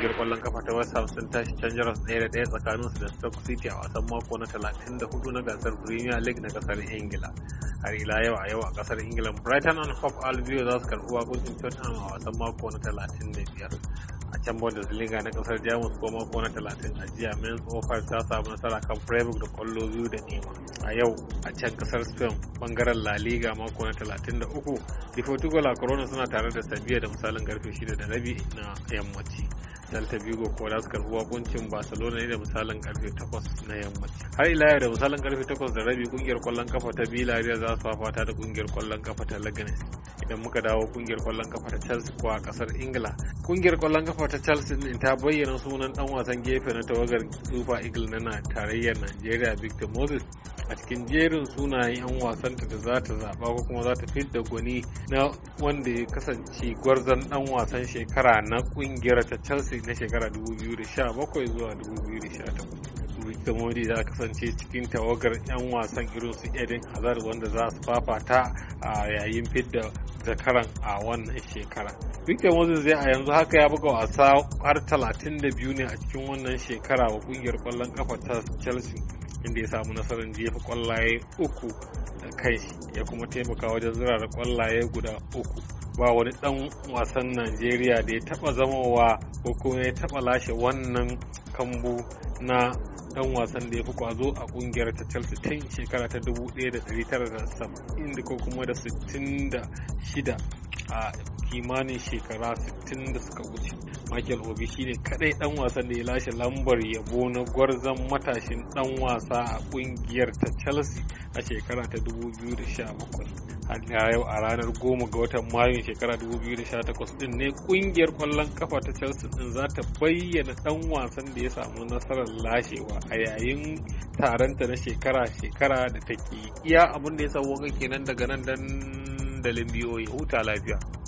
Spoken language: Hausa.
kungiyar kwallon kafa ta West Ham sun tashi can jaras ɗaya da ɗaya su da Stoke City a wasan mako na 34 na gasar Premier League na kasar Ingila. Har ila yau a yau a kasar Ingila Brighton and Hove Albion za su karɓi wakokin Tottenham a wasan mako na 35. A can Bundesliga na kasar Jamus ko mako na 30 a jiya Mainz 05 ta samu nasara kan Freiburg da kwallo biyu da nema. A yau a can kasar Spain bangaren La Liga mako na 33 Deportivo La Corona suna tare da Sevilla da misalin garfe 6 da rabi na yammaci. Delta Vigo ko za su kuncin Barcelona ne da misalin karfe 8 na yamma Har ila yau da misalin karfe 8 da rabi kungiyar kwallon kafa ta Villarreal za su fafata da kungiyar kwallon kafa ta Leganes. Idan muka dawo kungiyar kwallon kafa ta Chelsea ko a kasar Ingila. Kungiyar kwallon kafa ta Chelsea din ta bayyana sunan dan wasan gefe na tawagar Super Eagle na tarayyar Nigeria Victor Moses a cikin jerin sunayen 'yan wasanta da za ta zaɓa ko kuma za ta fidda gwani na wanda ya kasance gwarzon ɗan wasan shekara na ƙungiyar ta Chelsea na shekara 2017 zuwa 2018. Victor Modi za kasance cikin tawagar 'yan wasan irin su edin Hazard wanda za su fafata a yayin fidda zakaran a wannan shekara. Victor Moses zai a yanzu haka ya buga wasa har 32 ne a cikin wannan shekara wa kungiyar kwallon kafa ta Chelsea. inda ya samu nasarar jefa kwallaye uku da kai ya kuma taimaka wajen zirara kwallaye guda uku ba wani dan wasan najeriya da ya taba zamowa ko kuma ya taba lashe wannan kambu na dan wasan da ya fi kwazo a kungiyar ta Chelsea tun shekara ta 1970 inda ko kuma da 66 a kimanin shekara 60 da suka wuce Michael Obi shine kadai dan wasan da ya lashe lambar yabo na gwarzon matashin dan wasa a kungiyar ta Chelsea a shekara ta 2017. har yau a ranar 10 ga watan Mayu shekara 2018 din ne kungiyar kwallon kafa ta chelsea din za ta bayyana dan wasan da ya samu nasarar lashewa a yayin taronta na shekara-shekara da take iya abin da ya wanka kenan daga nan biyo ya huta lafiya